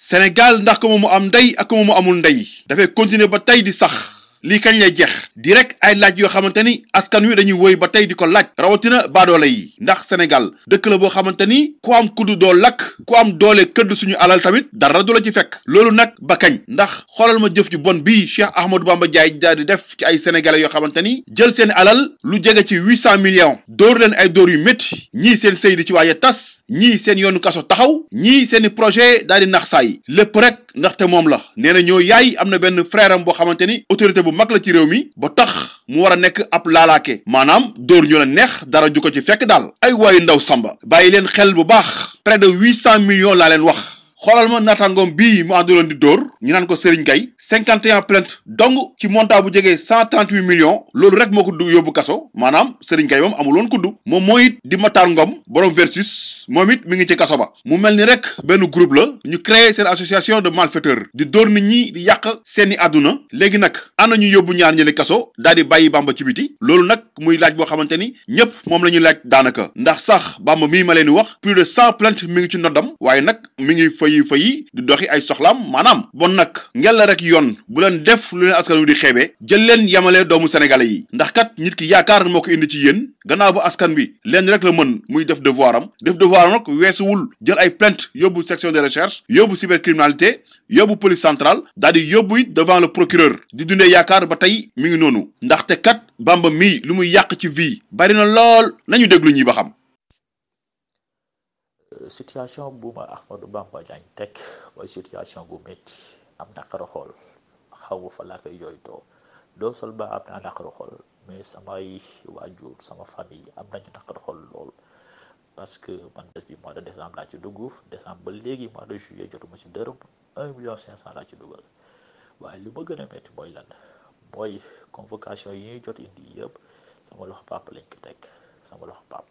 Sénégal ndax ko moom mu am ndey ak ko moom mu amul ndey dafay continuer ba tey di sax li kañ lay jeex di rek ay laaj yoo xamante ni askan wi dañuy woy ba tey di ko laaj rawatina baadoole yi ndax Sénégal dëkk la boo xamante ni ku am kudd doo lakk ku am doole këdd suñu alal tamit dara du la ci fekk loolu nag ba kañ ndax xoolal ma jëf ju bon bii Cheikh Ahmadou Bamba Diaye daal di def ci ay sénégalais yoo xamante ni jël seen alal lu jege ci 800 millions dóor leen ay dóor yu métti ñii seen sëy di ci waaye tas ñii seen yoonu kaso taxaw ñii seeni projet daal di nax saay lépp rek ndaxte moom la nee na ñoo yaay am na benn frère am boo xamante ni autorité bu mag la ci réew mi bo tax mu war a nekk ab laalaake maanaam dóor ñu la neex dara ju ko ci fekk daal ay waayu ndaw samba bàyyi leen xel bu baax près de huit cent millions laa leen wax xoolal ma naataangoom bii mu ànduloon di dóor ñu naan ko Serigne Gueye cinquante et un plainte dong ci monta bu jegee cent trente huit millions loolu rek moo ko du yóbbu kaso maanaam Serigne Gueye moom amul woon kuddu moom mooy it di Matar Ngom borom versus moom it mi ngi ci kaso ba mu mel ni rek benn groupe la ñu créer seen association de malfaiteurs di dóor nit ñi di yàq seeni àdduna léegi nag na ñu yóbbu ñaar ñële kaso daal di bàyyi Bamba ci biti loolu nag muy laaj boo xamante ni ñépp moom la ñuy laaj daanaka ndax sax Bamba mii ma leen di wax plus de cent mi ngi ci noddam waaye yiifa yi di doxi ay soxlaam maanaam bon nag ngella rek yoon bu leen def lu leen askan wi di xeebe jël leen yemale doomu sénégalais yi ndax kat nit ki yaakaar moo ko indi ci yéen gannaaw ba askan wi leen rek la mën muy def devoir am def devoir am nag weesuwul jël ay plainte yóbbu section de recherche yóbbu cybercriminalité yóbbu police centrale daal di yóbbu it devant le procureur di dundee yaakaar ba tey mi ngi noonu ndaxte kat bamba mii lu muy yàq ci vie bari na lool nañu déglu ñi ba situation bu ma Ahmadou Bamba Diagne teg mooy situation bu métti am naqaru xool xaw fa laa koy jooytoo doo sol ba am naa naqaru xool mais samay waajur sama famille am nañu naqaru xool lool parce que man bés bi mois de décembre laa ci dugg décembre ba léegi mois de juillet jotuma ci dërëm un million cinq cent laa ci dugal waaye li ma gën a métti mooy lan mooy convocation yi ñuy jot indi yëpp sama loxo pap lañ ko teg sama loxo pap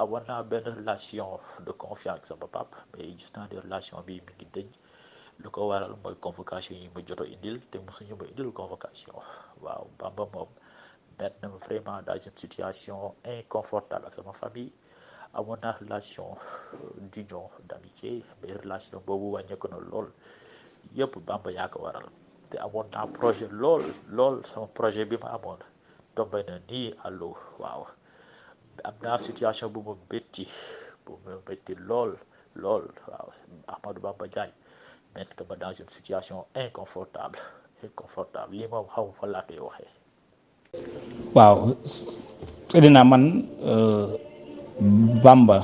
amoon benn relation de confiance ak sama papa mais gis naa ne relation bi mi ngi dëñ lu ko waral mooy convocation yi ma jot a indil te mosuñu ma indil convocation waaw Bamba moom mettre na ma vraiment dans une situation inconfortable ak sama famille amoon naa relation d'union d'amitié mais relation boobu wàññeeku na lool yëpp Bamba yaa ko waral te amoon naa projet lool lool sama projet bi ma amoon tombé na nii àllo waaw. am naa situation bu ma métti bu ma métti lool lool waaw Ahmadou Bamba Diagne mettre ma dans une situation man euh, Bamba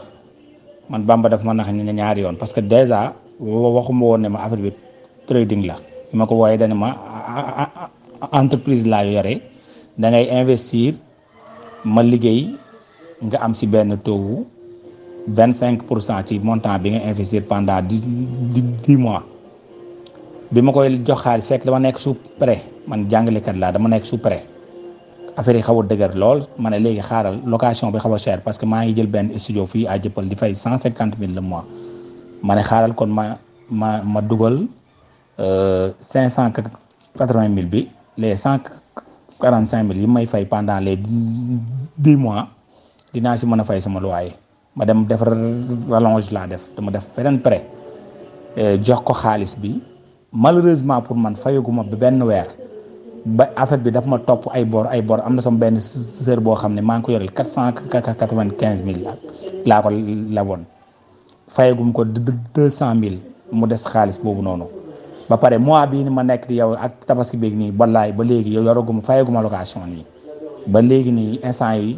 man Bamba daf ma nax ne ñaari yoon parce que déjà waxuma woon ne ma affaire trading la bi ma ko wooyee dana ma entreprise laa yore da investir ma liggéey. 25% am si montant bi investir pendant 10 mois Je suis koy dama prêt man jàngalekat laa dama nekk prêt affaire yi location bi cher parce que ngi jël studio à Jëppal di fay le mois ma xaaral kon ma ma ma les pendant les 10 mois. dinaa si mën a fay sama loyer ma dem def rallonge laa def dama def beneen prêt eh, jox ko xaalis bi malheureusement pour man fayaguma ba benn weer ba affaire bi daf ma topp ay bor ay bor am na sama benn sœur boo xam ne maa ngi ko yoreel quatre cent quatre-vingt-quinze mille laa ko laboon fayagum ko deux cent mille mu des xaalis boobu noonu ba pare mois bii ni ma nekk di yow ak tabaski beeg nii wallaay ba léegi yow yoraguma fayaguma location nii ba léegi nii instant yi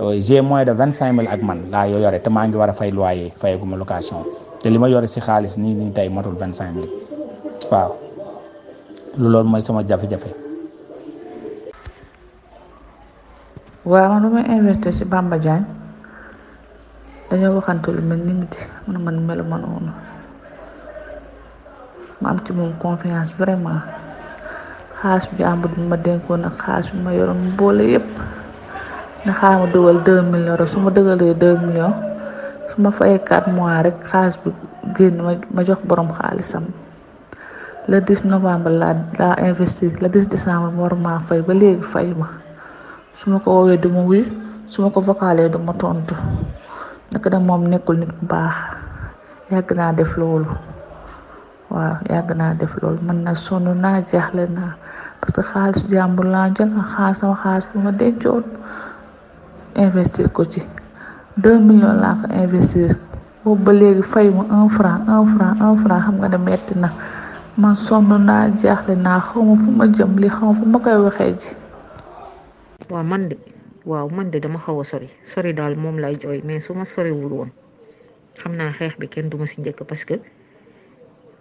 j'ai moins de vingt cinq mille ak man laa yoo yore te maa ngi war a fay loyer fayaguma location te li ma yore si xaalis nii nii tey matul vingt cinq mille waaw lool mooy sama jafe-jafe. waaw man lu may investir si Bamba Diagne dañoo waxante lu mel ni nit man man melu ma noonu ci moom confiance vraiment xaas bi jàmbur bi denkoon dénkoon xaas xaalis bi ma yoroon boole yépp. na xaama dugal 2 millions rek su ma dugalee 2 millions su ma fayee 4 mois rek xaalis bi génn ma ma jox borom xaalisam le 10 novembre laa laa investir le 10 décembre ma war maa fay ba léegi fay ma su ma ko woowee du ma wuy su ma ko vocalee du ma tontu naka na moom nekkul nit ku baax yàgg naa def loolu waaw yàgg naa def loolu man na sonn naa jaaxle naa parce que xaalisu jàmbur laa jël xaalis sama xaalis bu ma dencoon investir ko ci deux millions laa ko investir boobu ba léegi fay ma un franc un franc un franc xam nga ne metti na man sonn naa jaaxle naa xawma fu ma jëm li xawma fu ma koy waxee ji waaw man de waaw man de dama xaw a sori sori daal moom lay jooy mais su ma soriwul woon xam naa xeex bi kenn duma si njëkk parce que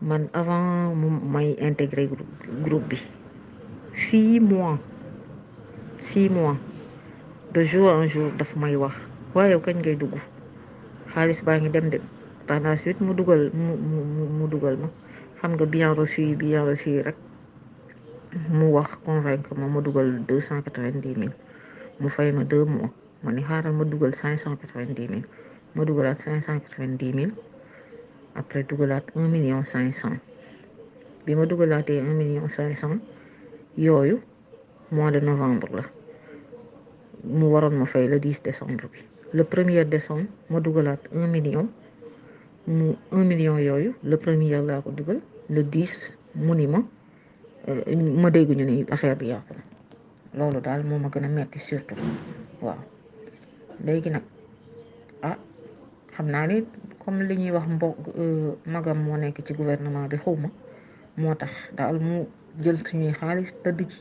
man avant moom may intégré groupe bi six mois six mois de jour en jour daf may wax waaye kañ ngay dugg xaalis baa ngi dem de par la suite mu dugal mu mu dugal ma xam nga bien reçu yi bien reçu rek mu wax convaincre ma ma dugal deux cent quatre-vingt-dix mille mu fay ma deux mois ma ni xaaral ma dugal cinq cent quatre-vingt-dix mille ma dugalaat cinq cent quatre vingt mille après dugalaat un million cinq cent ma dugalaatee un cinq cent yooyu mois de novembre la mu waroon ma fay le 10 décembre bi le première décembre ma dugalaat un million mu un million yooyu le premier laa ko dugal le 10 mu ni ma euh, ma dégg ñu ni affaire bi yàqu na loolu daal moom ma gën a metti surtout waaw léegi nag ah xam naa ni comme li ñuy wax mbokk euh, magam moo nekk ci gouvernement bi xawma moo tax daal mu jël suñuy xaalis tëdd ci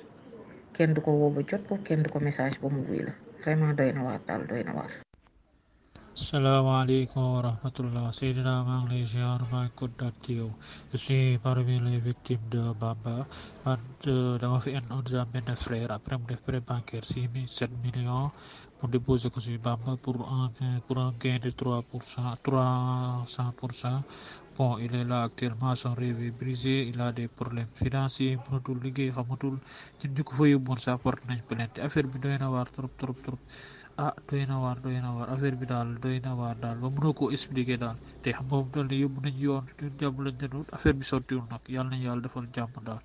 kenn du ko woo ba jot ko kenn du ko message ba mu wuy la vraiment doy na waar daal doy na waar. Assalamualaikum warahmatullahi Sayyidina Malaysia Armai Kudatio Yusri parmi Victim de Bamba Man eh, de Mafien Onza Mena Frera Prem de Frera Banker Simi 7 millions Onde pose così Bamba Pour un gain de 3% 300% Bon, il est là actuellement, son rêve est brisé, il a des problèmes financiers, mënatul liggéey xamatul ci ñu ko fa yóbboon sa porte nañ plainte affaire bi doy na waar trop trop trop ah doy na waar doy na waar affaire bi daal doy na waar daal ba mënoo koo expliquer daal te xam moom daal ne yóbbu nañ yoon ñun jàmm lañ doon affaire bi sottiwul nag yàlla nañ yàlla jàmm daal.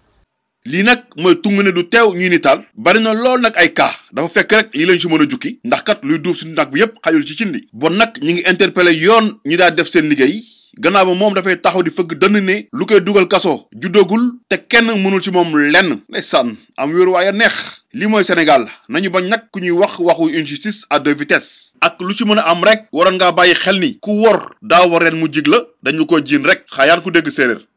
lii nag mooy tung ne du teew ñuy ni taal bari na lool nag ay cas dafa fekk rek lii lañ si mën a jukki ndax kat luy duuf suñu nag bi yépp xajul ci cin li bon nag ñi ngi interpellé yoon ñi daal def seen liggéey gannaaw ba moom dafay taxaw di fëgg dënn ne lu koy dugal kaso juddoogul te kenn mënul ci moom lenn ndeysaan am wéeruwaay a neex lii mooy Sénégal nañu bañ nag ku ñuy wax waxu injustice à deux vitesses ak lu ci mën a am rek waroon ngaa bàyyi xel ni ku wor daa war ren mu jig la dañu ko jiin rek xaayaan ku dégg séeréer